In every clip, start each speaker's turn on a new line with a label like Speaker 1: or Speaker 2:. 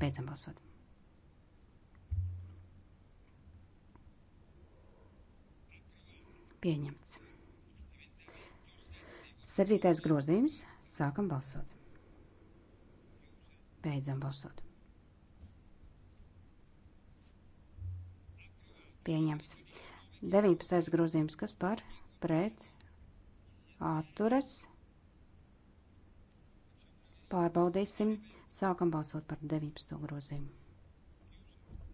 Speaker 1: Beidzam balsot. Pieņemts. Septītais grozījums. Sākam balsot. Beidzam balsot. Pieņemts. 19. grozījums, kas par pret atturas. Pārbaudīsim. Sākam balsot par 19. grozījumu.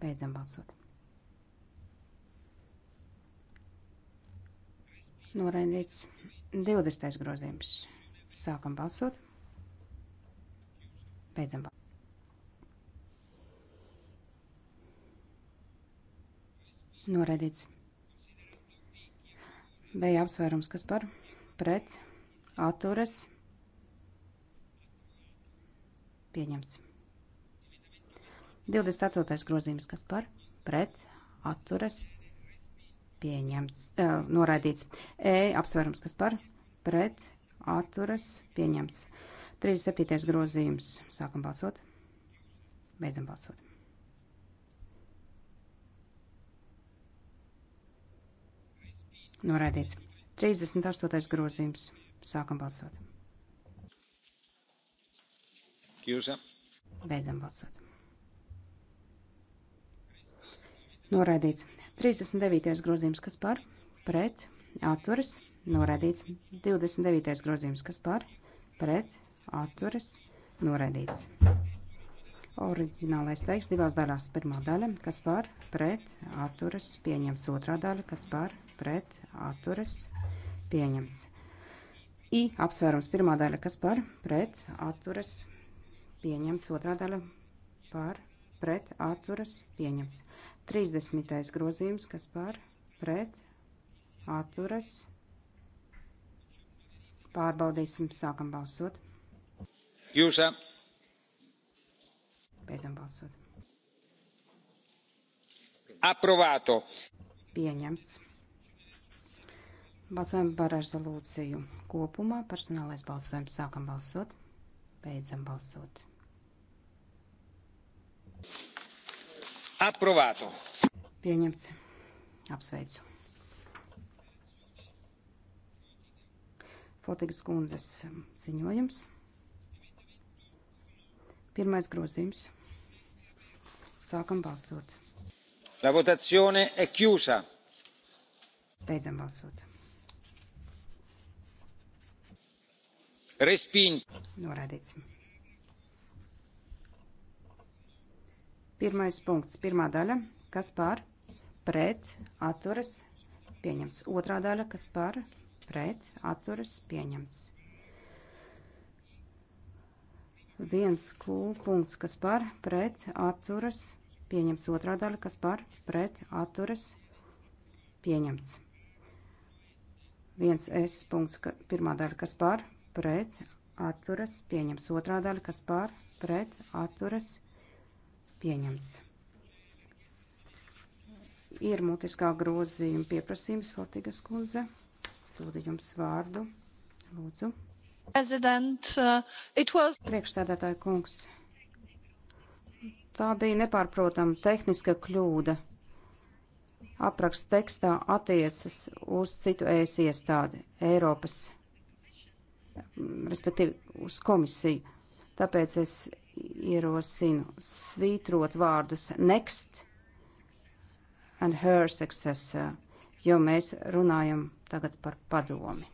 Speaker 1: Beidzam balsot. Noraidīts 20. grozījums. Sākam balsot. Beidzam balsot. Noraidīts. Bija apsvērums, kas par pret atturas. Pieņemts. 28. grozījums, kas par, pret, atturas, pieņemts, uh, e, noraidīts. E, apsvērums, kas par, pret, atturas, pieņemts. 37. grozījums, sākam balsot, beidzam balsot. Noraidīts. 38. grozījums, sākam balsot. Chiusa. Beidzam balsot. Noraidīts. 39. grozījums, kas par, pret, atturas, noraidīts. 29. grozījums, kas par, pret, atturas, noraidīts. Oriģinālais teiks divās daļās. Pirmā daļa, kas par, pret, atturas, pieņems. Otrā daļa, kas par, pret, atturas, pieņems. I apsvērums pirmā daļa, kas par, pret, atturas, pieņems pieņemts. Otrā daļa par pret atturas pieņemts. 30. grozījums, kas par pret atturas pārbaudīsim, sākam balsot. Jūsā. Beidzam balsot.
Speaker 2: Aprovāto.
Speaker 1: Pieņemts. Balsojam par rezolūciju kopumā. Personālais balsojums sākam balsot. Beidzam balsot.
Speaker 2: Aprovātu.
Speaker 1: Pieņemts. Apsveicu. Fotigas kundzes ziņojums. Pirmais grozījums. Sākam balsot.
Speaker 2: La votazione è chiusa.
Speaker 1: Beidzam balsot.
Speaker 2: Respinto.
Speaker 1: Norādīts. Pirmais punkts, pirmā daļa, kas par, pret, atturas, pieņemts. Otrā daļa, kas par, pret, atturas, pieņemts. Viens Q punkts, kas par, pret, atturas, pieņemts. Otrā daļa, kas par, pret, atturas, pieņemts. Viens S punkts, ka, pirmā daļa, kas par, pret, atturas, pieņemts. Otrā daļa, kas par, pret, atturas, pieņemts Pieņemts. Ir mutiskā grozījuma pieprasījums, Fortigas kundze. Lūdzu jums vārdu. Lūdzu. Uh, was... Priekšstādātāja kungs. Tā bija nepārprotama tehniska kļūda apraksts tekstā attiecas uz citu ēs iestādi Eiropas, mm, respektīvi uz komisiju. Tāpēc es ierosinu svītrot vārdus next and her successor, jo mēs runājam tagad par padomi.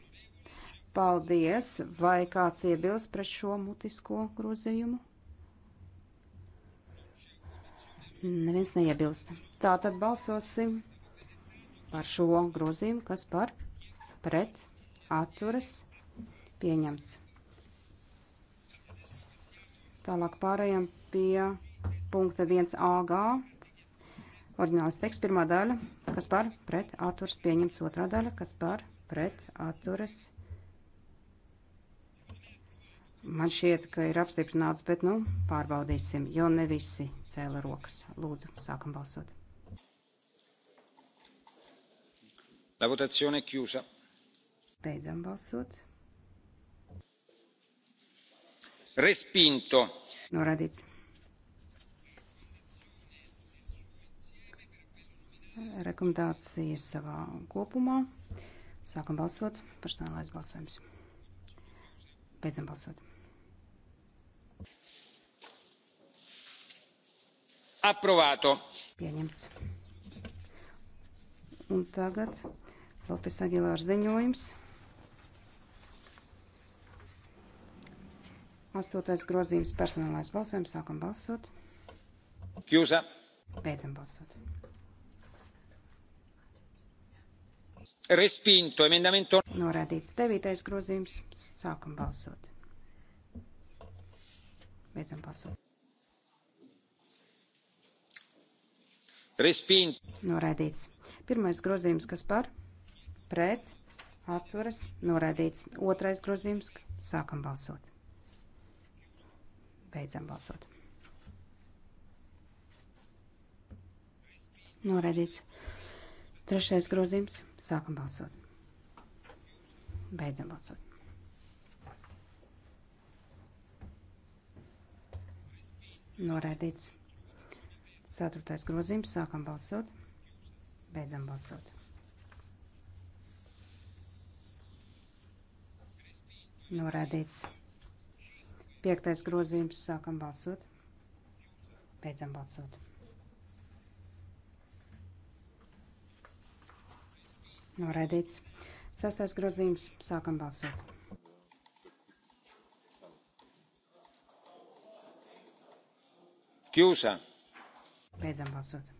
Speaker 1: Paldies! Vai kāds iebilst pret šo mutisko grozījumu? Neviens neiebilst. Tā tad balsosim par šo grozījumu, kas par pret atturas pieņems. Tālāk pārējām pie punkta 1AG. Ordinālis teksts pirmā daļa, kas par pret atturas pieņemts otrā daļa, kas par pret atturas. Man šķiet, ka ir apstiprināts, bet nu pārbaudīsim, jo ne visi cēla rokas. Lūdzu, sākam balsot.
Speaker 2: La votazione è chiusa.
Speaker 1: Beidzam balsot
Speaker 2: respinto.
Speaker 1: Norādīts. Rekomendācija ir savā kopumā. Sākam balsot. Personālais balsojums. Beidzam balsot.
Speaker 2: Aprovāto.
Speaker 1: Pieņemts. Un tagad Lopes Agilārs ziņojums. Astotais grozījums personālais balsojums. Sākam balsot. Kjūsa. Beidzam balsot.
Speaker 2: Respinto emendamento.
Speaker 1: Norādīts devītais grozījums. Sākam balsot. Beidzam balsot.
Speaker 2: Respinto.
Speaker 1: Norādīts. Pirmais grozījums, kas par? Pret. Atturas. Norādīts. Otrais grozījums. Sākam balsot. Beidzam balsot. Noraidīts. Trešais grozījums. Sākam balsot. Beidzam balsot. Noraidīts. Ceturtais grozījums. Sākam balsot. Beidzam balsot. Noraidīts. Piektais grozījums. Sākam balsot. Beidzam balsot. Noraidīts. Sastais grozījums. Sākam balsot. Kjūsa. Beidzam balsot.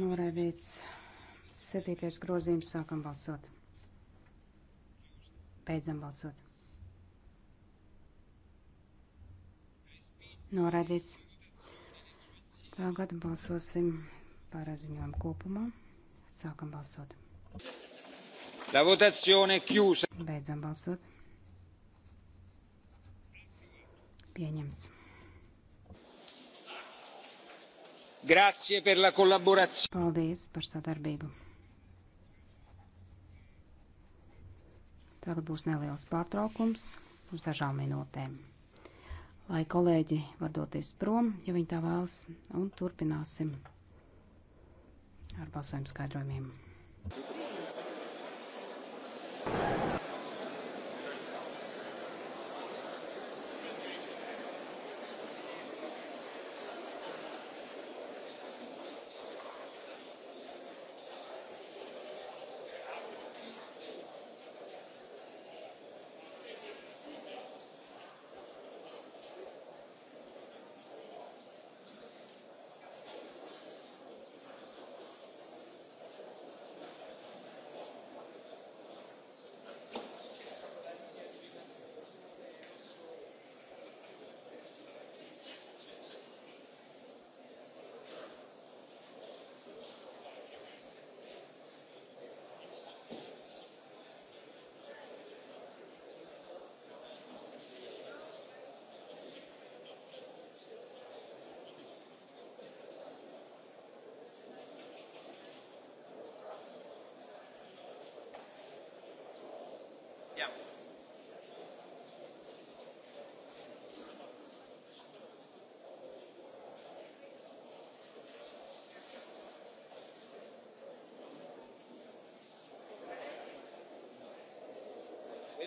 Speaker 1: Noraidīts. Septītais grozījums. Sākam balsot. Beidzam balsot. Noraidīts. Tagad balsosim par ziņojumu kopumā. Sākam balsot.
Speaker 2: La votazione chiusa.
Speaker 1: Beidzam balsot. Pieņemts.
Speaker 2: Grazie per la
Speaker 1: collaborazione. Paldies par sadarbību. Tagad būs neliels pārtraukums uz dažām minūtēm, lai kolēģi var doties prom, ja viņi tā vēlas, un turpināsim ar balsojumu skaidrojumiem. Thank you.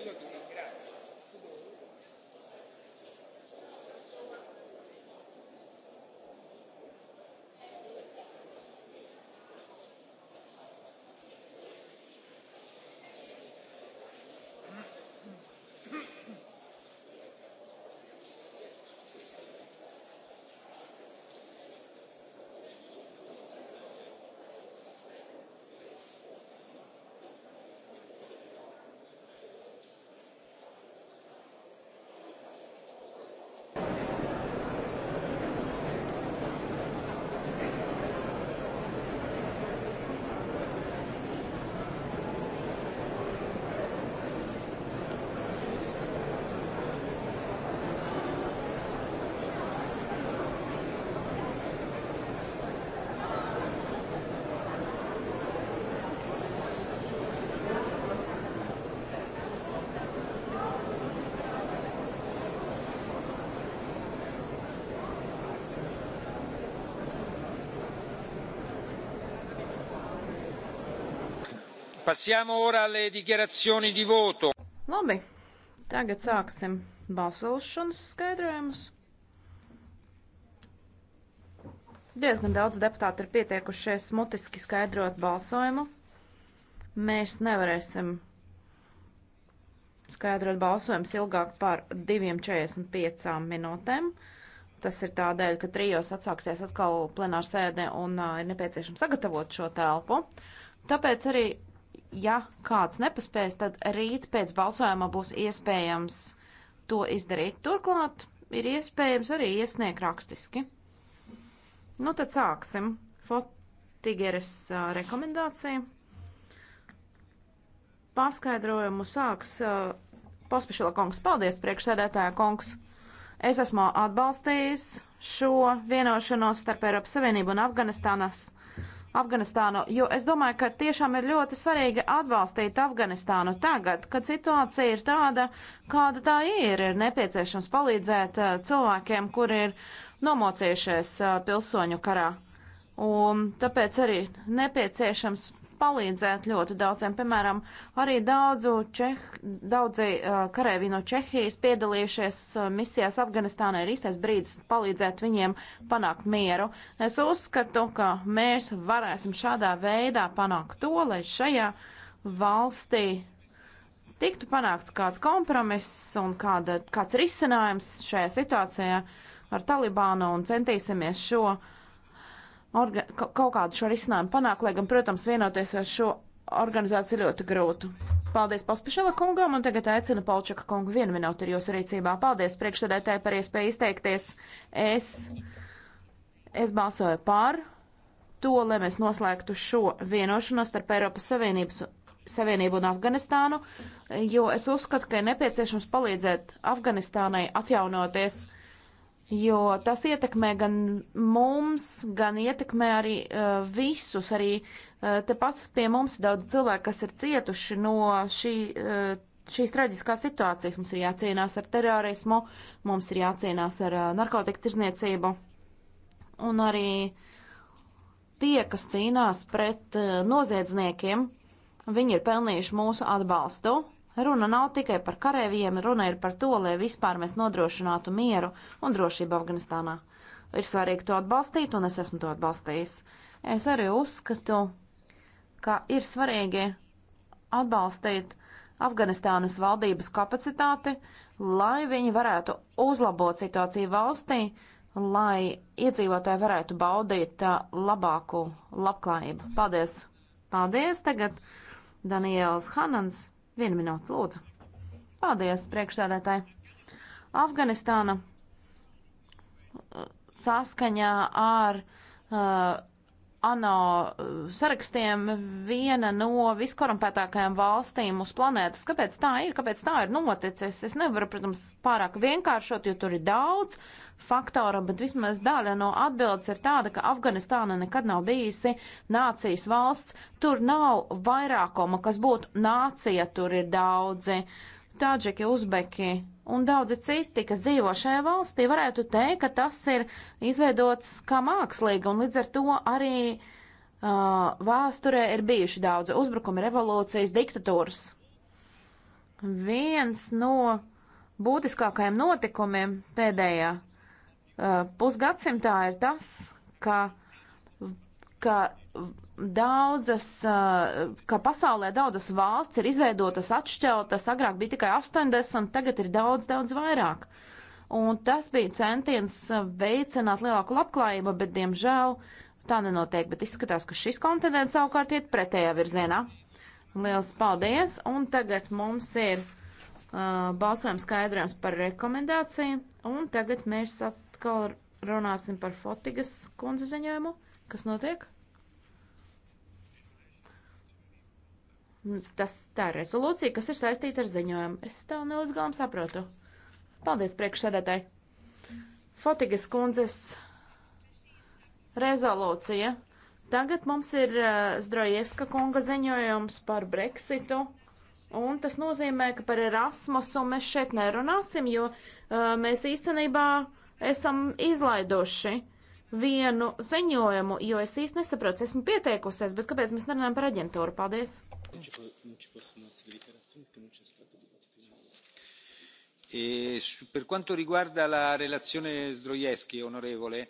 Speaker 3: Ļoti.
Speaker 2: Passiamo ora alle dichiarazioni di voto.
Speaker 3: Labi, tagad sāksim balsošanas skaidrojumus. Diezgan daudz deputāti ir pieteikušies mutiski skaidrot balsojumu. Mēs nevarēsim skaidrot balsojums ilgāk par 2,45 minūtēm. Tas ir tādēļ, ka trijos atsāksies atkal plenāra sēde un uh, ir nepieciešams sagatavot šo telpu. Tāpēc arī ja kāds nepaspēs, tad rīt pēc balsojuma būs iespējams to izdarīt. Turklāt ir iespējams arī iesniegt rakstiski. Nu, tad sāksim. Fotigeres uh, rekomendācija. Paskaidrojumu sāks uh, Pospešila kungs. Paldies, priekšsēdētāja kungs. Es esmu atbalstījis šo vienošanos starp Eiropas Savienību un Afganistānas Afganistānu, jo es domāju, ka tiešām ir ļoti svarīgi atbalstīt Afganistānu tagad, kad situācija ir tāda, kāda tā ir. Ir nepieciešams palīdzēt uh, cilvēkiem, kuri ir nomocījušies uh, pilsoņu karā. Un tāpēc arī nepieciešams palīdzētu ļoti daudziem. Piemēram, arī daudzu čeh, daudzi uh, karēvi no Čehijas piedalījušies uh, misijās Afganistānā. Ir īstais brīdis palīdzēt viņiem panākt mieru. Es uzskatu, ka mēs varēsim šādā veidā panākt to, lai šajā valstī tiktu panākts kāds kompromiss un kāda, kāds risinājums šajā situācijā ar Talibānu un centīsimies šo uh, orga, kaut kādu šo risinājumu panākt, lai gan, protams, vienoties ar šo organizāciju ļoti grūti. Paldies Pospišela kungam un tagad aicinu Polčaka kungu vienu minūti ir jūsu rīcībā. Paldies priekšsēdētāji par iespēju izteikties. Es, es balsoju pār to, lai mēs noslēgtu šo vienošanos starp Eiropas Savienības Savienību un Afganistānu, jo es uzskatu, ka ir nepieciešams palīdzēt Afganistānai atjaunoties jo tas ietekmē gan mums, gan ietekmē arī uh, visus. Arī uh, tepat pie mums ir daudz cilvēku, kas ir cietuši no šī. Uh, Šīs traģiskās situācijas mums ir jācīnās ar terorismu, mums ir jācīnās ar uh, narkotiku tirzniecību un arī tie, kas cīnās pret uh, noziedzniekiem, viņi ir pelnījuši mūsu atbalstu Runa nav tikai par karavīriem, runa ir par to, lai vispār mēs nodrošinātu mieru un drošību Afganistānā. Ir svarīgi to atbalstīt, un es esmu to atbalstījis. Es arī uzskatu, ka ir svarīgi atbalstīt Afganistānas valdības kapacitāti, lai viņi varētu uzlabot situāciju valstī, lai iedzīvotāji varētu baudīt uh, labāku labklājību. Paldies! Paldies! Tagad Daniels Hanans Vienu minūtu, lūdzu. Paldies, priekšsēdētāji. Afganistāna uh, saskaņā ar uh, ANO eh, sarakstiem viena no viskorumpētākajām valstīm uz planētas. Kāpēc tā ir? Kāpēc tā ir noticis? Es nevaru, protams, pārāk vienkāršot, jo tur ir daudz faktoru, bet vismaz daļa no atbildes ir tāda, ka Afganistāna nekad nav bijusi nācijas valsts. Tur nav vairākuma, kas būtu nācija, tur ir daudzi. Tāģeki, Uzbeki, un daudzi citi, kas dzīvo šajā valstī, varētu teikt, ka tas ir izveidots kā mākslīgi, un līdz ar to arī uh, vēsturē ir bijuši daudzi uzbrukumi, revolūcijas, diktatūras. Viens no būtiskākajiem notikumiem pēdējā uh, pusgadsimtā ir tas, ka, ka daudzas, ka pasaulē daudzas valsts ir izveidotas, atšķeltas, agrāk bija tikai 80, tagad ir daudz, daudz vairāk. Un tas bija centiens veicināt lielāku labklājību, bet, diemžēl, tā nenotiek, bet izskatās, ka šis kontinents savukārt iet pretējā virzienā. Liels paldies, un tagad mums ir uh, balsojums skaidrojums par rekomendāciju, un tagad mēs atkal runāsim par Fotigas kundze ziņojumu. Kas notiek? Mm, tas tā ir rezolūcija, kas ir saistīta ar ziņojumu. Es tev ne līdz galam saprotu. Paldies priekšsēdētāji. Fotigas kundzes rezolūcija. Tagad mums ir uh, Zdrojevska kunga ziņojums par Brexitu. Un tas nozīmē, ka par Erasmusu mēs šeit nerunāsim, jo uh, mēs īstenībā esam izlaiduši vienu ziņojumu, jo es īsti nesaprotu, esmu pieteikusies, bet kāpēc mēs nerunājam par aģentūru? Paldies!
Speaker 2: E per quanto riguarda la relazione Zdrojevski, onorevole.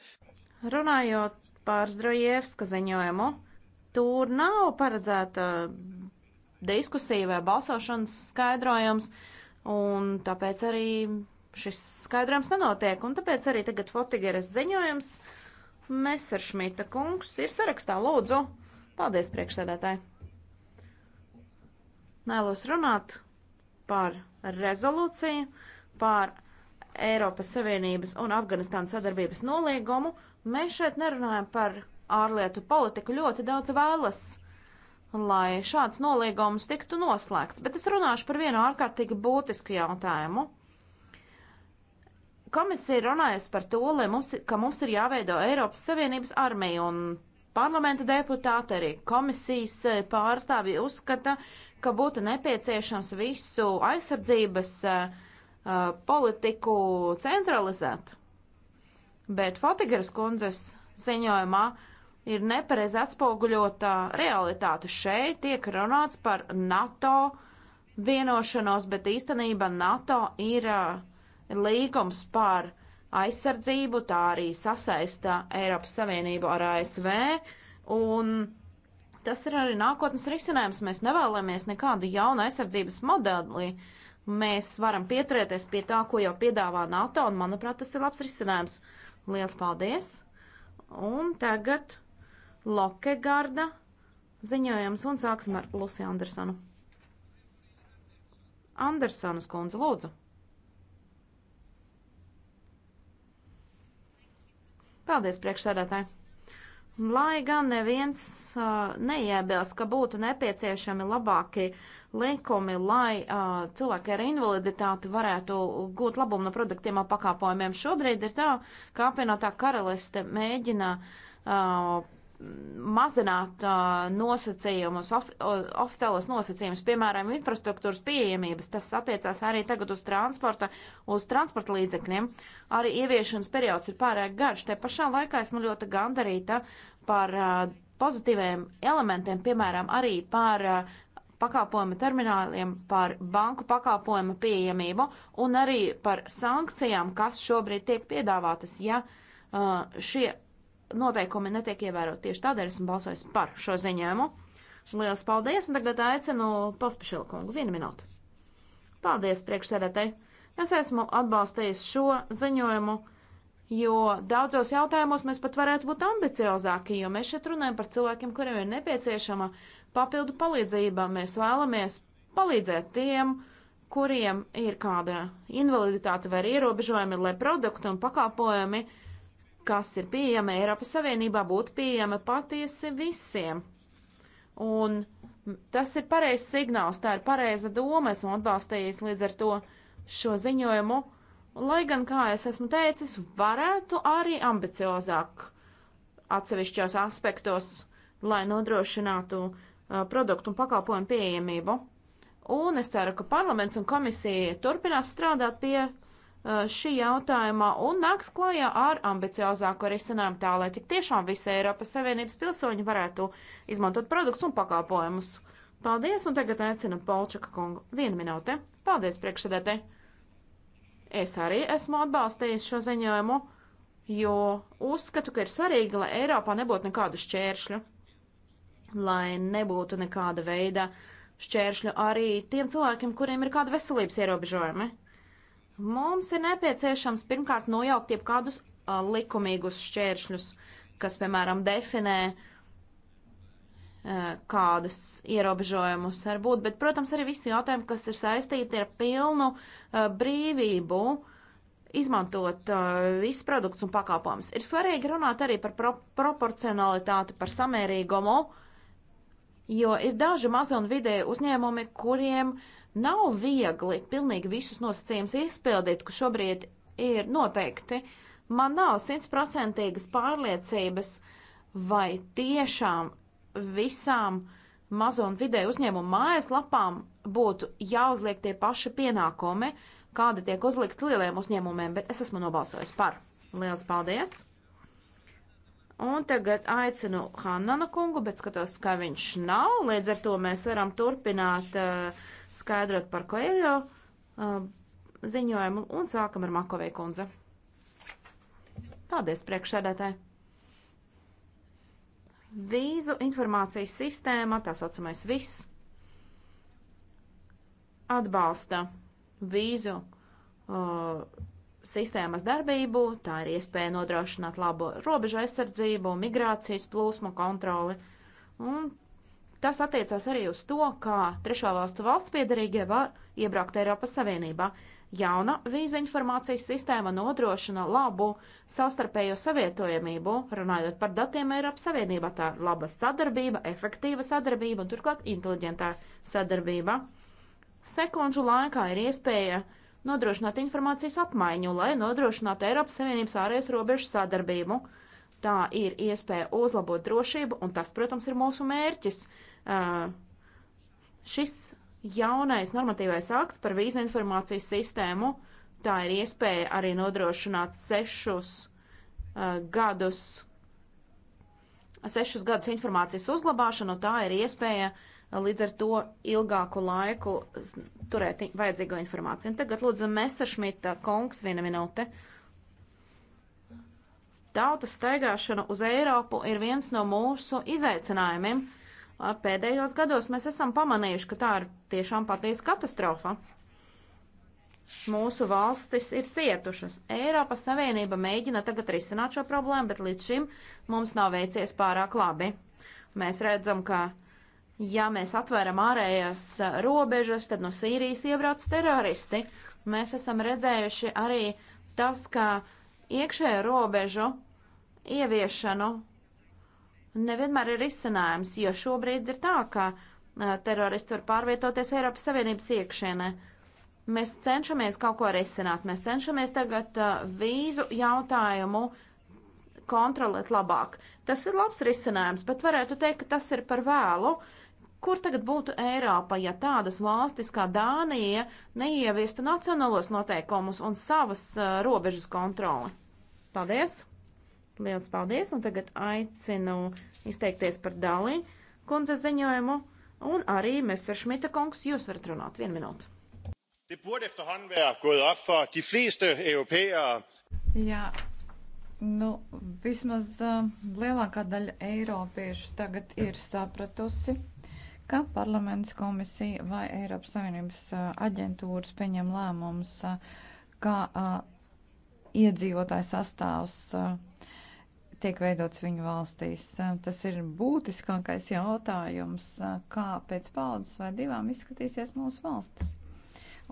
Speaker 3: Runājot par Zdrojevska ziņojumu, tur nav paredzēta diskusija vai balsošanas skaidrojums, un tāpēc arī šis skaidrojums nenotiek, un tāpēc arī tagad Fotigeres ziņojums Messeršmita kungs ir sarakstā. Lūdzu, paldies priekšsēdētāji! Nēlos runāt par rezolūciju, par Eiropas Savienības un Afganistānas sadarbības nolīgumu. Mēs šeit nerunājam par ārlietu politiku. Ļoti daudz vēlas, lai šāds nolīgums tiktu noslēgts, bet es runāšu par vienu ārkārtīgi būtisku jautājumu. Komisija ir runājusi par to, mums, ka mums ir jāveido Eiropas Savienības armija, un parlamenta deputāti, arī komisijas eh, pārstāvji uzskata, uh, ka būtu nepieciešams visu aizsardzības uh, politiku centralizēt. Bet Fotigeras kundzes ziņojumā ir nepareiz atspoguļota realitāte. Šeit tiek runāts par NATO vienošanos, bet īstenībā NATO ir uh, līgums par aizsardzību, tā arī sasaista Eiropas Savienību ar ASV, un tas ir arī nākotnes risinājums. Mēs nevēlamies nekādu jaunu aizsardzības modeli. Mēs varam pieturēties pie tā, ko jau piedāvā NATO, un, manuprāt, tas ir labs risinājums. Lielas paldies! Un tagad Lokegarda ziņojums, un sāksim ar Lusi Andersonu. Andersonas kundze, lūdzu! Paldies, priekšsēdētāji! Lai gan neviens uh, neiebilst, ka būtu nepieciešami labāki likumi, lai uh, cilvēki ar invaliditāti varētu gūt labumu no produktiem un pakāpojumiem. Šobrīd ir tā, ka apvienotā karaliste mēģina uh, mazināt uh, nosacījumus, of, uh, oficiālos nosacījumus, piemēram, infrastruktūras pieejamības. Tas attiecās arī tagad uz transporta, uz transporta līdzekļiem. Arī ieviešanas periods ir pārāk garš. Te pašā laikā esmu ļoti gandarīta par uh, pozitīviem elementiem, piemēram, arī par uh, pakalpojumu termināliem, par banku pakalpojumu pieejamību un arī par sankcijām, kas šobrīd tiek piedāvātas, ja uh, šie noteikumi netiek ievērot. Tieši tādēļ esmu balsojis par šo ziņojumu. Lielas paldies, un tagad aicinu Pospišilu kungu. Vienu minūtu. Paldies, priekšsēdētāji. Es esmu atbalstījis šo ziņojumu, jo daudzos jautājumos mēs pat varētu būt ambiciozāki, jo mēs šeit runājam par cilvēkiem, kuriem ir nepieciešama papildu palīdzība. Mēs vēlamies palīdzēt tiem, kuriem ir kāda invaliditāte vai ierobežojumi, lai produkti un pakalpojumi uh, kas ir pieejama Eiropas Savienībā, būtu pieejama patiesi visiem. Un tas ir pareizs signāls, tā ir pareiza doma, esmu atbalstījis līdz ar to šo ziņojumu, lai gan, kā es esmu teicis, varētu arī ambiciozāk atsevišķos aspektos, lai nodrošinātu uh, produktu un pakalpojumu pieejamību. Un es ceru, ka parlaments un komisija turpinās strādāt pie Uh, šī jautājumā un nāks klajā ar ambiciozāku risinājumu tā, lai tik tiešām visi Eiropas Savienības pilsoņi varētu izmantot produktus un pakalpojumus. Paldies, un tagad aicinu Polčaka kungu. Vienu minūte. Paldies, priekšsēdētē. Es arī esmu atbalstījis šo ziņojumu, jo uzskatu, ka ir svarīgi, lai Eiropā nebūtu nekādu šķēršļu, lai nebūtu nekāda veida šķēršļu arī tiem cilvēkiem, kuriem ir kāda veselības ierobežojumi. Mums ir nepieciešams pirmkārt nojaukt jau kādus uh, likumīgus šķēršļus, kas, piemēram, definē uh, kādus ierobežojumus var būt, bet, protams, arī visi jautājumi, kas ir saistīti ar pilnu uh, brīvību izmantot uh, visus produktus un pakalpojumus. Ir svarīgi runāt arī par pro proporcionalitāti, par samērīgumu, jo ir daži mazi un vidēji uzņēmumi, kuriem uh, Nav viegli pilnīgi visus nosacījumus izpildīt, kas šobrīd ir noteikti. Man nav simtprocentīgas pārliecības, vai tiešām visām mazo un vidēju uzņēmumu mājaslapām būtu jāuzliek tie paši pienākumi, kādi tiek uzlikti lieliem uzņēmumiem, bet es esmu nobalsojis par. Lielas paldies! Un tagad aicinu Hannanu kungu, bet skatos, ka viņš nav. Līdz ar to mēs varam turpināt uh, skaidrot par Koeļo uh, ziņojumu un sākam ar Makovei kundze. Paldies, priekšsēdētāji! Vīzu informācijas sistēma, tā saucamais viss, atbalsta vīzu uh, sistēmas darbību, tā ir iespēja nodrošināt labu robežu aizsardzību, migrācijas plūsmu kontroli, un Tas attiecās arī uz to, kā trešo valstu valsts piedarīgie var iebraukt Eiropas Savienībā. Jauna vīza informācijas sistēma nodrošina labu savstarpējo savietojamību, runājot par datiem Eiropas Savienībā. Tā ir laba sadarbība, efektīva sadarbība un turklāt inteliģentā sadarbība. Sekundžu laikā ir iespēja nodrošināt informācijas apmaiņu, lai nodrošinātu Eiropas Savienības ārējas robežu sadarbību. Tā ir iespēja uzlabot drošību, un tas, protams, ir mūsu mērķis. Uh, šis jaunais normatīvais akts par vīzu informācijas sistēmu, tā ir iespēja arī nodrošināt sešus uh, gadus, sešus gadus informācijas uzglabāšanu, tā ir iespēja uh, līdz ar to ilgāku laiku turēt vajadzīgo informāciju. Un tagad lūdzu Messeršmita kungs viena minūte. Uh, Tautas staigāšana uz Eiropu ir viens no mūsu izaicinājumiem. Pēdējos gados mēs esam pamanījuši, ka tā ir tiešām patiesa katastrofa. Mūsu valstis ir cietušas. Eiropas Savienība mēģina tagad risināt šo problēmu, bet līdz šim mums nav veicies pārāk labi. Mēs redzam, ka ja mēs atvēram ārējās robežas, tad no Sīrijas iebrauc teroristi. Mēs esam redzējuši arī tas, ka uh, Iekšējo robežu ieviešanu nevienmēr ir izcinājums, jo šobrīd ir tā, ka uh, teroristi var pārvietoties Eiropas Savienības iekšienē. Mēs cenšamies kaut ko risināt. Mēs cenšamies tagad uh, vīzu jautājumu kontrolēt labāk. Tas ir labs risinājums, bet varētu teikt, ka tas ir par vēlu. Uh, Kur tagad būtu Eiropa, ja tādas valstis kā Dānija neieviestu nacionālos noteikumus un savas uh, robežas kontroli? Paldies! Liels paldies! Un tagad aicinu izteikties par Dāli kundze ziņojumu. Un arī Mr. Šmita kungs, jūs varat
Speaker 4: runāt vienu minūtu. Jā, nu, vismaz uh, lielākā daļa eiropiešu tagad ir sapratusi ka parlaments komisija vai Eiropas Savienības aģentūras pieņem lēmumus, kā iedzīvotāju sastāvs tiek veidots viņu valstīs. Tas ir būtiskākais jautājums, kā pēc paudzes vai divām izskatīsies mūsu valstis.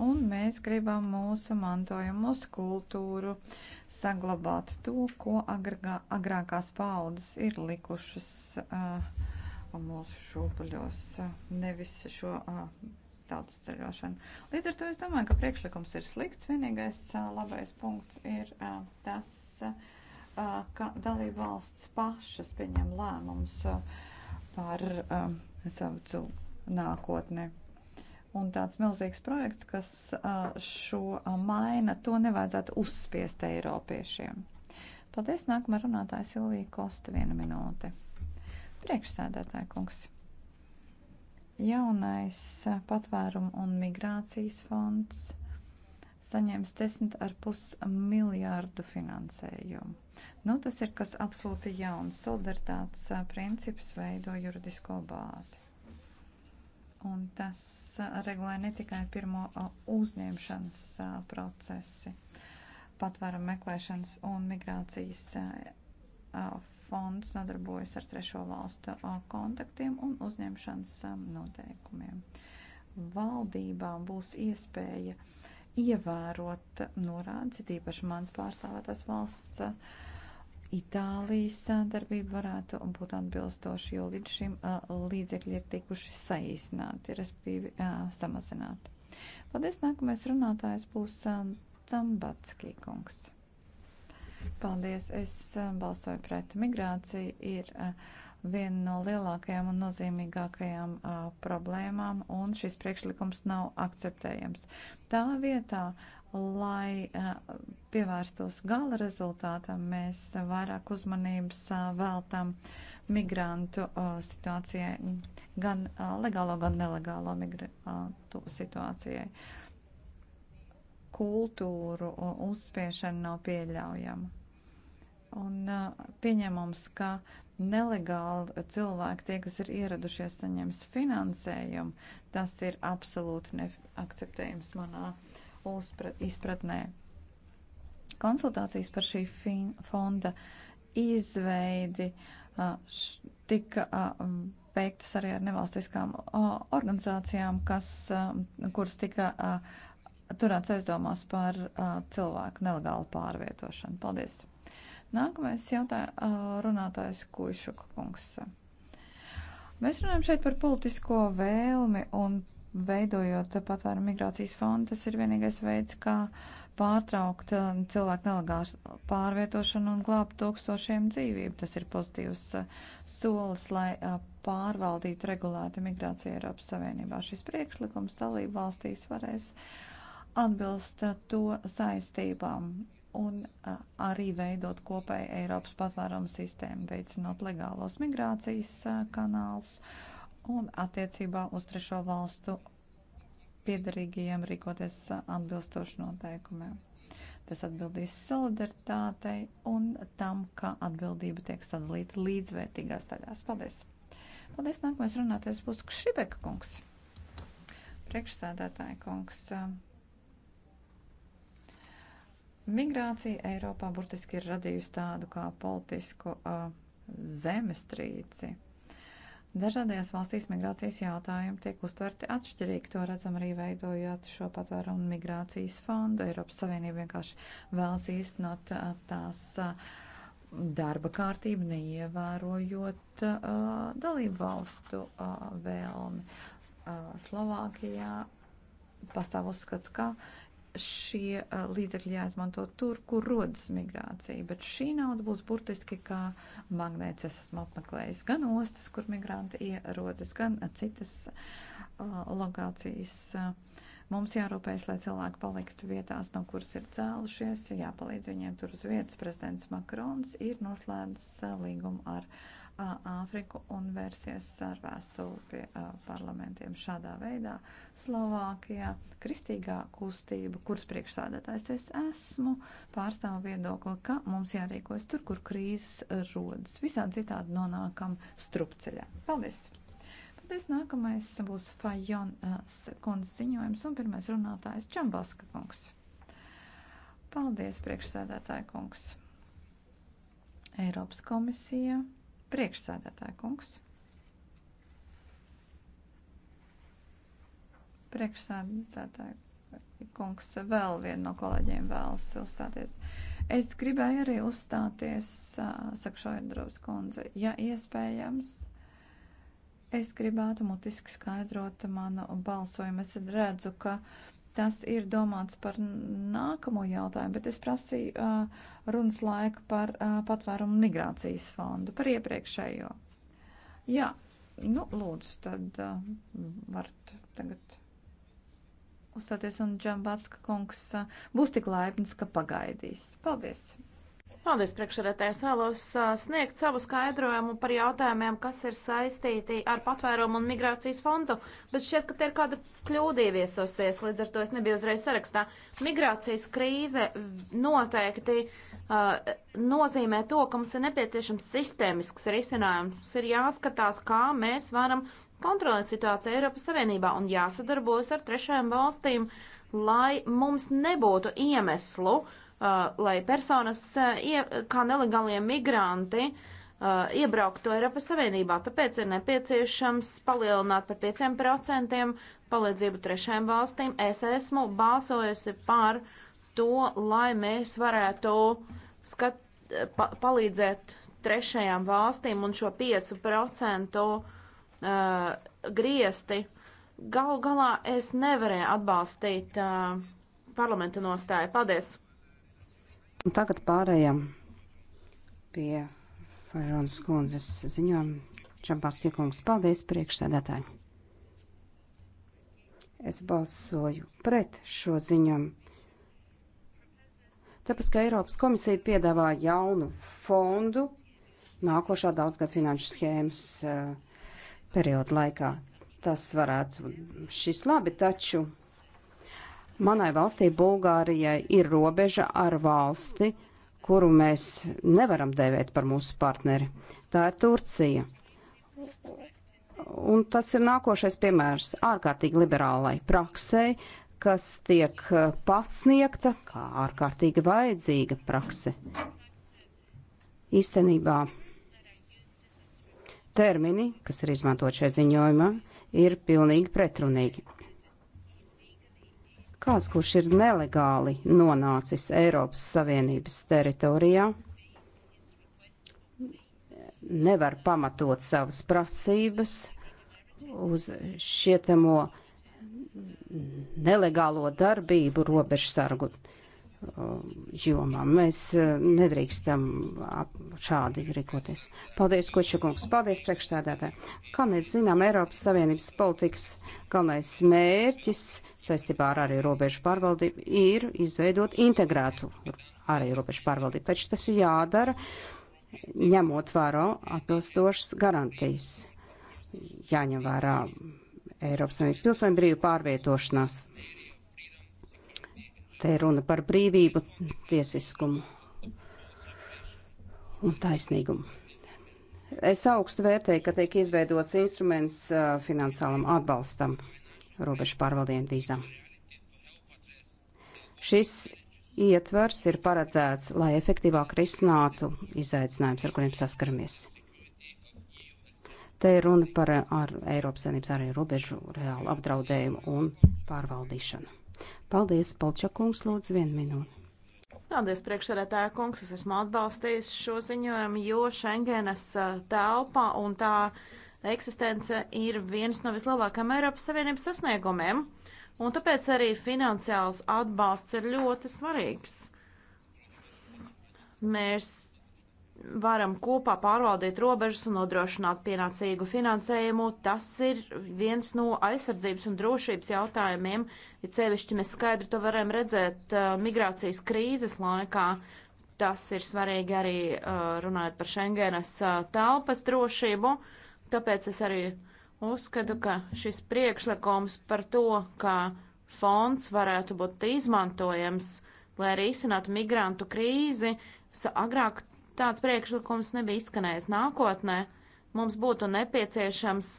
Speaker 4: Un mēs gribam mūsu mantojumu, mūsu kultūru saglabāt to, ko agrā, agrākās paudzes ir likušas uh, mūsu šūpuļos, nevis šo tautas ceļošanu. Līdz ar to es domāju, ka priekšlikums ir slikts. Vienīgais labais punkts ir tas, ka dalība valsts pašas pieņem lēmums par savu dzīvu nākotni. Un tāds milzīgs projekts, kas šo maina, to nevajadzētu uzspiest Eiropiešiem. Paldies, nākamā runātāja Silvija Kosta, viena minūte. Priekšsēdētāja kungs. Jaunais patvērumu un migrācijas fonds saņēmis 10,5 miljārdu finansējumu. Nu, tas ir kas absolūti jauns. Solidaritātes princips veido juridisko bāzi. Un tas regulē ne tikai pirmo uzņemšanas procesi, patvērumu meklēšanas un migrācijas fonds nodarbojas ar trešo valstu kontaktiem un uzņemšanas noteikumiem. Valdībām būs iespēja ievērot norādes, it īpaši mans pārstāvētās valsts. Itālijas darbība varētu būt atbilstoša, jo līdz šim līdzekļi ir tikuši saīsināti, respektīvi samazināti. Paldies, nākamais runātājs būs Cambatskī kungs. Paldies. Es eh, balsoju pret. Migrācija ir eh, viena no lielākajām un nozīmīgākajām eh, problēmām, un šis priekšlikums nav akceptējams. Tā vietā, lai pievērstos gala rezultātam, mēs vairāk uzmanības veltam migrantu situācijai, gan legālo, gan nelegālo migrantu situācijai kultūru uzspiešana nav pieļaujama. Un pieņemums, ka nelegāli cilvēki, tie, kas ir ieradušies, saņems finansējumu, tas ir absolūti neakceptējums manā izpratnē. Konsultācijas par šī fonda izveidi tika veiktas arī ar nevalstiskām organizācijām, kas, kuras tika uh, turēts aizdomās par uh, cilvēku nelegālu pārvietošanu. Paldies! Nākamais jautā, uh, runātājs Kuišuka kungs. Mēs runājam šeit par politisko vēlmi un veidojot patvēru migrācijas fondu, tas ir vienīgais veids, kā pārtraukt cilvēku nelegālu pārvietošanu un glābt tūkstošiem dzīvību. Tas ir pozitīvs solis, lai pārvaldītu regulētu migrāciju Eiropas Savienībā. Šis priekšlikums dalību valstīs varēs uh, atbilst uh, to saistībām un uh, arī veidot kopēju Eiropas patvērumu sistēmu, veicinot legālos migrācijas uh, kanālus un attiecībā uz trešo valstu piedarīgajiem rīkoties atbilstoši noteikumiem. Tas atbildīs solidaritātei un tam, ka atbildība tiek sadalīta līdzvērtīgās daļās. Paldies! Paldies! Nākamais runātais būs Kšibeka kungs. Priekšsēdētāja kungs. Uh, Migrācija Eiropā burtiski ir radījusi tādu kā politisku uh, zemestrīci. Dažādajās valstīs migrācijas jautājumi tiek uztverti atšķirīgi. To redzam arī veidojot šo patvērumu migrācijas fondu. Eiropas Savienība vienkārši vēlas īstenot uh, tās. Uh, darba kārtību neievērojot uh, dalību valstu uh, vēlmi. Uh, Slovākijā pastāv uzskats, ka šie eh, līdzekļi jāizmanto tur, kur rodas migrācija, bet šī nauda būs burtiski kā magnēts. Es esmu apmeklējis gan ostas, kur migranti ierodas, gan citas uh, lokācijas. Mums jārūpējas, lai cilvēki paliktu vietās, no kuras ir cēlušies, jāpalīdz viņiem tur uz vietas. Prezidents Makrons ir noslēdzis eh, līgumu ar uh, Āfriku un vērsies ar vēstuli pie uh, parlamentiem šādā veidā. Slovākijā kristīgā kustība, kuras priekšsādātājs es esmu, pārstāv viedokli, ka mums jārīkojas tur, kur krīzes rodas. Visādi citādi nonākam strupceļā. Paldies! Paldies! Nākamais būs Fajonas kundzes ziņojums un pirmais runātājs Čambaska kungs. Paldies, priekšsēdētāja kungs! Eiropas komisija Priekšsēdētāja kungs. Priekšsēdētāja kungs vēl vienu no kolēģiem vēlas uzstāties. Es gribēju arī uzstāties, saka Šoidrovs kundze, ja iespējams. Es gribētu mutiski skaidrot manu balsojumu. Es redzu, ka uh, Tas ir domāts par nākamo jautājumu, bet es prasīju uh, runas laiku par uh, patvērumu migrācijas fondu, par iepriekšējo. Jā, nu, lūdzu, tad uh, varat tagad uzstāties un Džambatska kungs uh, būs tik laipns, ka pagaidīs. Paldies!
Speaker 3: Paldies, priekšsēdētājs. Vēlos sniegt savu skaidrojumu par jautājumiem, kas ir saistīti ar patvērumu un migrācijas fondu, bet šķiet, ka te ir kāda kļūda ieviesosies, līdz ar to es nebiju uzreiz sarakstā. Migrācijas krīze noteikti uh, nozīmē to, ka mums ir nepieciešams sistēmisks risinājums. Ir jāskatās, kā mēs varam kontrolēt situāciju Eiropas Savienībā un jāsadarbojas ar trešajām valstīm, lai mums nebūtu iemeslu uh, Uh, lai personas, uh, kā nelegālie migranti, uh, iebrauktu Eiropas Savienībā. Tāpēc ir nepieciešams palielināt par 5% palīdzību trešajām valstīm. Es esmu balsojusi par to, lai mēs varētu skat, pa, palīdzēt trešajām valstīm un šo 5% uh, griesti. Galu galā es nevarēju atbalstīt uh, parlamenta nostāju. Paldies!
Speaker 1: Un tagad pārējām pie Fažonas kundzes ziņojuma. Čambāskie kungs, paldies priekšsēdētāji. Es balsoju pret šo ziņojumu. Tāpēc, ka Eiropas komisija piedāvā jaunu fondu nākošā daudzgad finanšu schēmas uh, eh, periodu laikā. Tas varētu šis labi, taču Manai valstī Bulgārijai ir robeža ar valsti, kuru mēs nevaram dēvēt par mūsu partneri. Tā ir Turcija. Un tas ir nākošais piemērs ārkārtīgi liberālai praksei, kas tiek eh, pasniegta kā ārkārtīgi vajadzīga prakse. Īstenībā termini, kas ir izmantot šajā ziņojumā, ir pilnīgi pretrunīgi. Kāds, kurš ir nelegāli nonācis Eiropas Savienības teritorijā, nevar pamatot savas prasības uz šietamo nelegālo darbību robežsargu Uh, jomā. Mēs uh, nedrīkstam šādi rīkoties. Paldies, Kočakungs. Paldies, priekšsēdētāji. Kā mēs zinām, Eiropas Savienības politikas galvenais mērķis saistībā ar arī robežu pārvaldību ir izveidot integrētu arī robežu pārvaldību. Taču tas ir jādara, ņemot vērā atbilstošas garantijas. Jāņem vērā Eiropas Savienības pilsoņu brīvu pārvietošanās. Te ir runa par brīvību, tiesiskumu un taisnīgumu. Es augstu vērtēju, ka tiek izveidots instruments uh, finansālam atbalstam robežu pārvaldiem vīzām. Šis ietvers ir paredzēts, lai efektīvāk risinātu izaicinājumus, ar kuriem saskaramies. Te ir runa par uh, ar Eiropas Savienības arī robežu reālu apdraudējumu un pārvaldīšanu. Paldies, Polčakungs, lūdzu, vienu minūti.
Speaker 3: Paldies, priekšsēdētāja kungs, es esmu atbalstījis šo ziņojumu, jo Schengenas telpa un tā eksistence ir viens no vislielākajiem Eiropas Savienības sasniegumiem, un tāpēc arī finansiāls atbalsts ir ļoti svarīgs. Mēs varam kopā pārvaldīt robežas un nodrošināt pienācīgu finansējumu. Tas ir viens no aizsardzības un drošības jautājumiem. Ja cevišķi mēs skaidri to varam redzēt uh, migrācijas krīzes laikā, tas ir svarīgi arī uh, runājot par Schengenas uh, telpas drošību. Tāpēc es arī uzskatu, ka šis priekšlikums par to, ka fonds varētu būt izmantojams, lai arī izsinātu migrantu krīzi, agrāk tāds priekšlikums nebija izskanējis nākotnē, mums būtu nepieciešams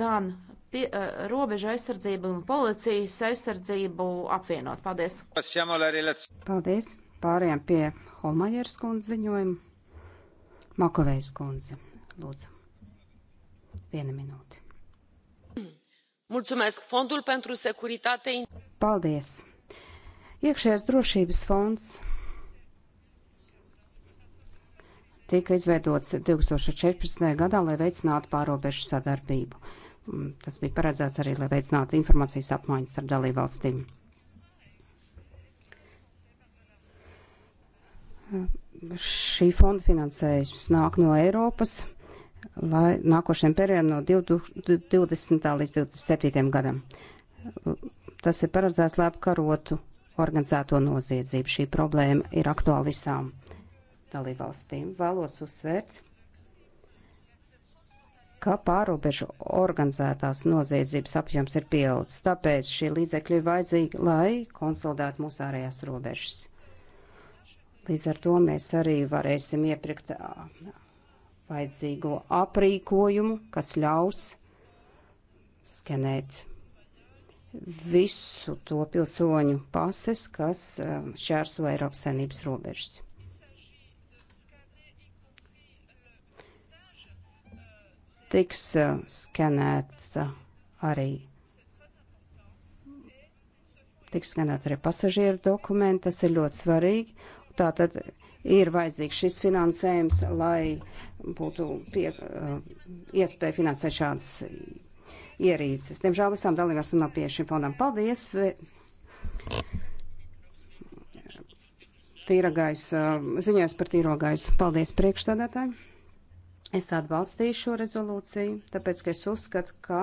Speaker 3: gan pie, uh, eh, robeža aizsardzību un policijas aizsardzību apvienot. Paldies!
Speaker 1: Paldies! Pārējām pie Holmajeras kundze ziņojuma. Makovejas kundze, lūdzu. Viena minūte.
Speaker 3: Mulțumesc! Fondul pentru securitate...
Speaker 1: Paldies! Iekšējās drošības fonds tika izveidots 2014. gadā, lai veicinātu pārobežu sadarbību. Mm, tas bija paredzēts arī, lai veicinātu informācijas apmaiņas starp dalībvalstīm. Šī fonda finansējums nāk no Eiropas, lai nākošajam periodam no 20. līdz 27. gadam. Tas ir paredzēts, lai apkarotu organizēto noziedzību. Šī problēma ir aktuāla visām dalībvalstīm. Vēlos uzsvērt, ka pārobežu organizētās noziedzības apjoms ir pieaudzis, tāpēc šie līdzekļi ir vajadzīgi, lai konsolidētu mūsu ārējās robežas. Līdz ar to mēs arī varēsim iepirkt vajadzīgo aprīkojumu, kas ļaus skenēt visu to pilsoņu pases, kas šķērso Eiropas saimnības robežas. tiks eh, skanēta arī. Tiks skanēt arī pasažieru dokumenti, tas ir ļoti svarīgi. Tātad ir vajadzīgs šis finansējums, lai būtu pie, eh, iespēja finansēt šādas ierīces. Diemžēl visām dalībvalstīm nav pie šim fondam. Paldies! Tīra gaisa, ziņojas par tīro gaisu. Paldies priekšstādātāji! Es atbalstīju šo rezolūciju, tāpēc, ka es uzskatu, ka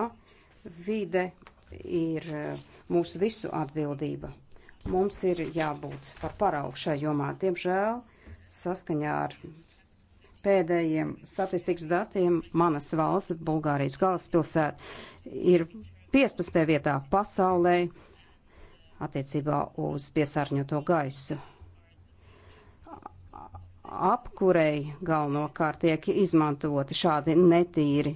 Speaker 1: vide ir eh, mūsu visu atbildība. Mums ir jābūt par paraugu šai jomā. Diemžēl saskaņā ar pēdējiem statistikas datiem manas valsts, Bulgārijas galvaspilsēta, ir 15. vietā pasaulē attiecībā uz piesārņoto gaisu apkurei galvenokārt tiek izmantoti šādi netīri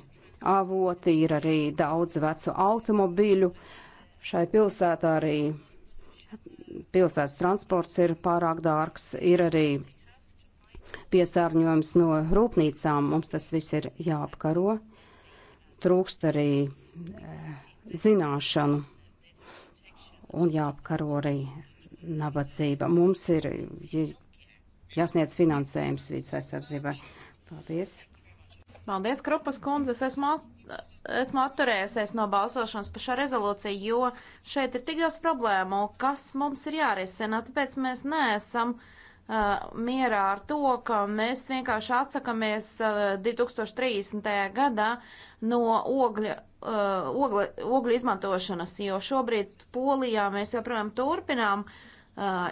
Speaker 1: avoti, ir arī daudz vecu automobīļu. Šai pilsētā arī pilsētas transports ir pārāk dārgs, ir arī piesārņojums no rūpnīcām, mums tas viss ir jāapkaro. Trūkst arī eh, zināšanu un jāapkaro arī nabadzība. Mums ir jāsniedz finansējums vidas aizsardzībai. Paldies!
Speaker 3: Paldies, Krupas kundze! Es esmu, at, esmu atturējusies no balsošanas par šo rezolūciju, jo šeit ir tik daudz problēmu, kas mums ir jārisina, tāpēc mēs neesam uh, mierā ar to, ka mēs vienkārši atsakamies uh, 2030. gadā no ogļa, uh, ogļa, ogļa izmantošanas, jo šobrīd Polijā mēs joprojām turpinām uh,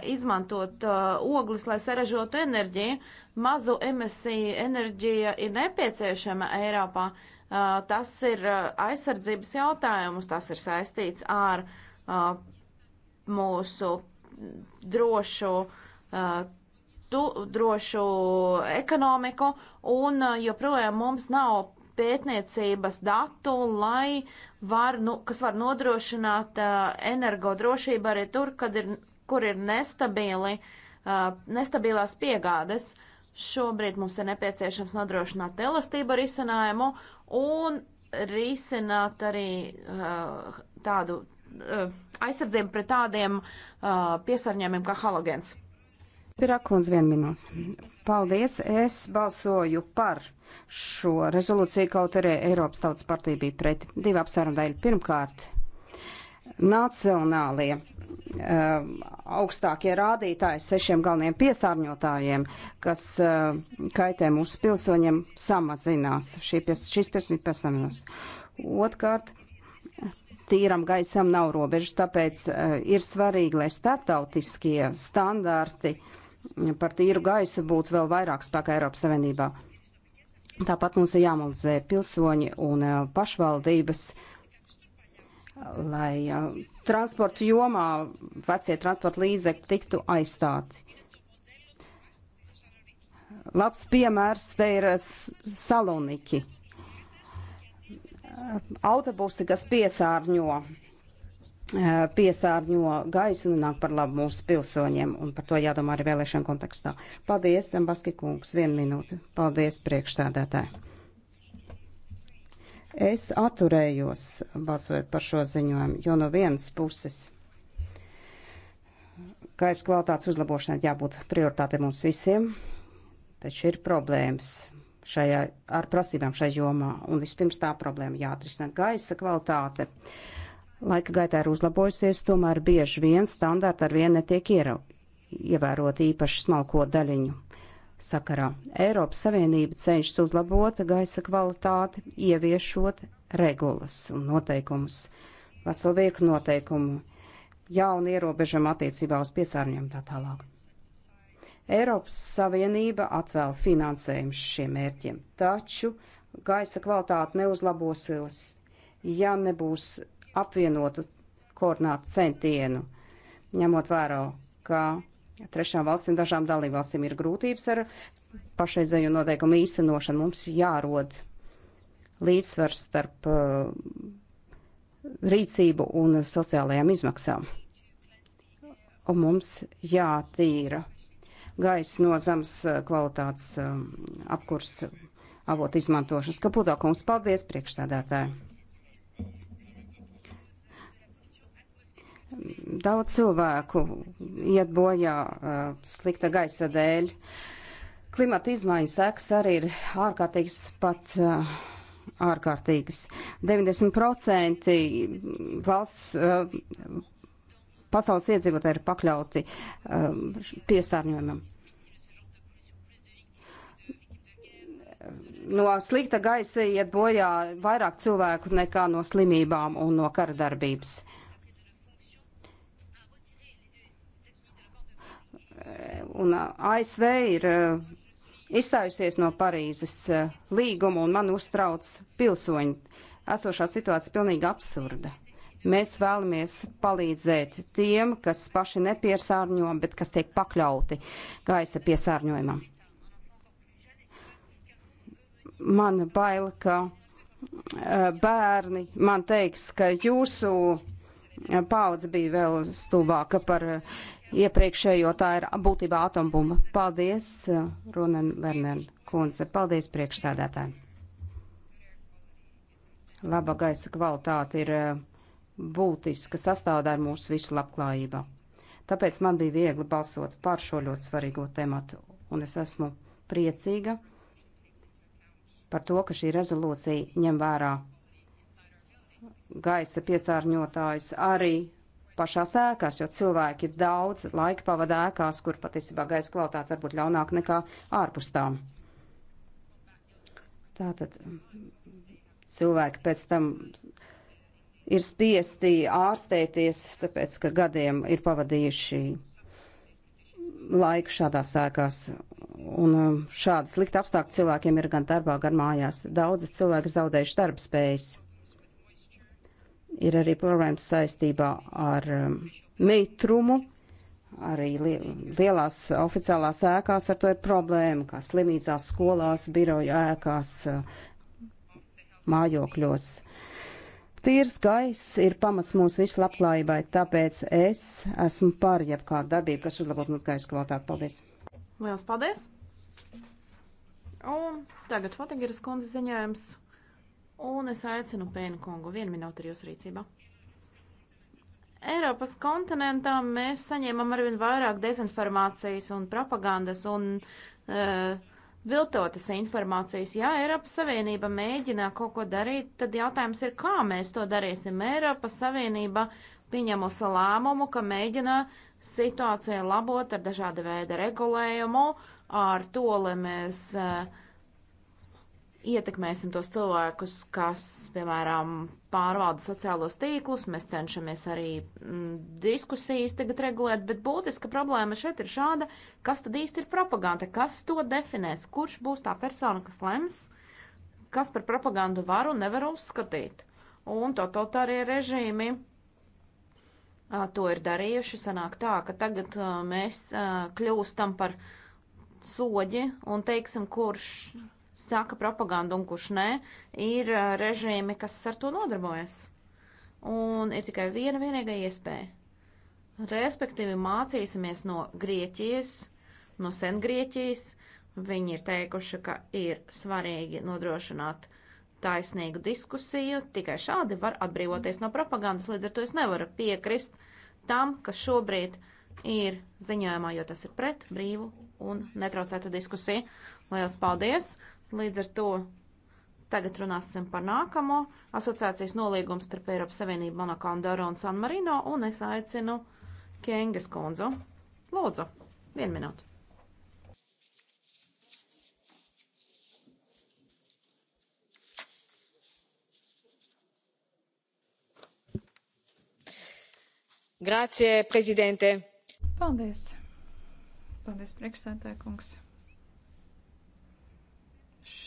Speaker 3: izmantot ogles, lai saražotu enerģiju. Mazu emisiju enerģija ir nepieciešama Eiropā. Tas ir aizsardzības jautājums, tas ir saistīts ar mūsu drošu tu, drošu ekonomiku, un joprojām mums nav pētniecības datu, lai var, nu, kas var nodrošināt uh, energodrošību arī tur, kad ir kur ir nestabili, uh, nestabilās piegādes. Šobrīd mums ir nepieciešams nodrošināt elastību risinājumu un risināt arī uh, tādu uh, aizsardzību pret tādiem uh, piesārņojumiem kā halogēns.
Speaker 1: Pirakums vien minūs. Paldies, es balsoju par šo rezolūciju, kaut arī Eiropas Tautas partija bija pret divu apsvērumu daļu. Pirmkārt, nacionālie Um, augstākie rādītāji sešiem galvenajiem piesārņotājiem, kas um, kaitē mūsu pilsoņiem, samazinās. Šī, šis pilsoņi pasaminās. Otkārt, tīram gaisam nav robežas, tāpēc uh, ir svarīgi, lai startautiskie standarti par tīru gaisu būtu vēl vairāk spēkā Eiropas Savienībā. Tāpat mums ir jāmulzē pilsoņi un uh, pašvaldības uh, lai transporta jomā vecie transporta līdzekļi tiktu aizstāti. Labs piemērs te ir Saloniki. Autobusi, kas piesārņo, eh, piesārņo gaisu un nāk par labu mūsu pilsoņiem, un par to jādomā arī vēlēšana kontekstā. Paldies, Zambaski kungs, vienu minūti. Paldies, priekšsēdētāji. Es atturējos balsojot par šo ziņojumu, jo no vienas puses gaisa kvalitātes uzlabošanai jābūt prioritāte mums visiem, taču ir problēmas šajā, ar prasībām šai jomā, un vispirms tā problēma jāatrisina gaisa kvalitāte. Laika gaitā ir uzlabojusies, tomēr bieži vien standārti ar vienu netiek ievērot īpaši smalko daļiņu sakarā. Eiropas Savienība cenšas uzlabot gaisa kvalitāti, ieviešot regulas un noteikumus, veselu virkni noteikumu, jaunu ierobežumu attiecībā uz piesārņojumu tā tālāk. Eiropas Savienība atvēl finansējumu šiem mērķiem, taču gaisa kvalitāte neuzlabosies, ja nebūs apvienotu koordinātu centienu, ņemot vērā, ka trešām valstīm, dažām dalībvalstīm ir grūtības ar pašreizējo noteikumu īstenošanu. Mums jārod līdzsvars starp uh, rīcību un sociālajām izmaksām. Un mums jātīra gaisa no zemes uh, kvalitātes um, apkurs avotu izmantošanas. Kaputo kungs, paldies priekšstādātāji! Daudz cilvēku iet bojā slikta gaisa dēļ. Klimata izmaiņas sekas arī ir ārkārtīgas pat ārkārtīgas. 90% valsts, pasaules iedzīvotāji ir pakļauti piesārņojumam. No slikta gaisa iet bojā vairāk cilvēku nekā no slimībām un no kara darbības. Uh, un ASV ir eh, izstājusies no Parīzes eh, līguma, un man uztrauc pilsoņi. Esošā situācija pilnīgi absurda. Mēs vēlamies palīdzēt tiem, kas paši nepiesārņo, bet kas tiek pakļauti gaisa piesārņojumam. Man bail, ka eh, bērni man teiks, ka jūsu paudze bija vēl stulbāka par iepriekšējo, tā ir būtībā atombumba. Paldies, Runen Lernen kundze. Paldies priekšstādātājiem. Laba gaisa kvalitāte ir eh, būtiska sastāvdaļa mūsu visu labklājībā. Tāpēc man bija viegli balsot par šo ļoti svarīgo tematu, un es esmu priecīga par to, ka šī rezolūcija ņem vērā gaisa piesārņotājus arī pašās ēkās, jo cilvēki daudz laika pavada ēkās, kur patiesībā gaisa kvalitāte varbūt ļaunāk nekā ārpus tām. Tātad mm, cilvēki pēc tam ir spiesti ārstēties, tāpēc, ka gadiem ir pavadījuši laiku šādās ēkās. Un mm, šādi slikti apstākļi cilvēkiem ir gan darbā, gan mājās. Daudzi cilvēki zaudējuši darbspējas. spējas ir arī problēmas saistībā ar um, mitrumu. Arī li lielās oficiālās ēkās ar to ir problēma, kā slimnīcās, skolās, biroju ēkās, uh, mājokļos. Tīrs gaiss ir pamats mūsu visu labklājībai, tāpēc es esmu par jebkādu darbību, kas uzlabotu mūsu gaisa kvalitāti. Paldies!
Speaker 3: Lielas paldies! Un tagad Fotigiras kundze ziņojums Un es aicinu Pēnu kungu. Vienu minūti ir jūsu rīcībā. Eiropas kontinentā mēs saņemam arvien vairāk dezinformācijas un propagandas un uh, viltotas informācijas. Ja Eiropas Savienība mēģina kaut ko darīt, tad jautājums ir, kā mēs to darīsim. Eiropas Savienība pieņemusi lēmumu, ka mēģina situāciju labot ar dažāda veida regulējumu, ar to, lai mēs uh, ietekmēsim tos cilvēkus, kas, piemēram, pārvalda sociālos tīklus. Mēs cenšamies arī mm, diskusijas tagad regulēt, bet būtiska problēma šeit ir šāda, kas tad īsti ir propaganda, kas to definēs, kurš būs tā persona, kas lems, kas par propagandu var un nevar uzskatīt. Un totalitārie režīmi to ir darījuši. Sanāk tā, ka tagad mēs kļūstam par soģi un teiksim, kurš saka propagandu un kurš nē, ir režīmi, kas ar to nodarbojas. Un ir tikai viena vienīga iespēja. Respektīvi mācīsimies no Grieķijas, no Sengrieķijas. Viņi ir teikuši, ka ir svarīgi nodrošināt taisnīgu diskusiju. Tikai šādi var atbrīvoties no propagandas. Līdz ar to es nevaru piekrist tam, kas šobrīd ir ziņojumā, jo tas ir pret brīvu un netraucētu diskusiju. Lielas paldies! Līdz ar to tagad runāsim par nākamo asociācijas nolīgumu starp Eiropas Savienību, Monako, Andoru un San Marino, un es aicinu Kengas kundzu. Lūdzu, vienu minūtu.
Speaker 1: Grācie, prezidente!
Speaker 4: Paldies! Paldies, priekšsēdētāj kungs!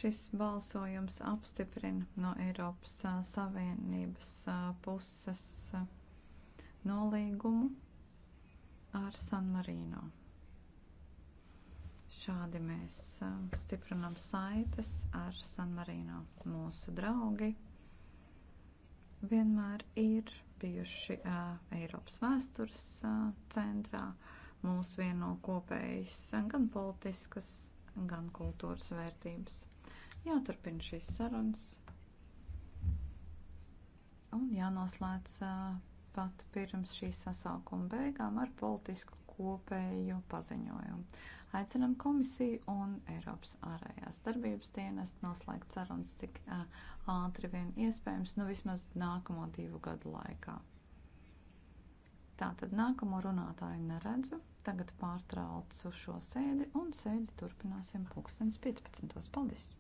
Speaker 4: Šis balsojums apstiprina no Eiropas Savienības puses nolīgumu ar San Marino. Šādi mēs stiprinām saites ar San Marino. Mūsu draugi vienmēr ir bijuši Eiropas vēstures centrā. Mūs vieno kopējas gan politiskas, gan kultūras vērtības jāturpina šīs sarunas un jānoslēdz pat pirms šīs sasaukuma beigām ar politisku kopēju paziņojumu. Aicinam komisiju un Eiropas ārējās darbības dienestu noslēgt sarunas, cik ātri vien iespējams, nu vismaz nākamo divu gadu laikā. Tātad nākamo runātāju neredzu, tagad pārtraucu šo sēdi un sēdi turpināsim pulkstens 15. Paldies!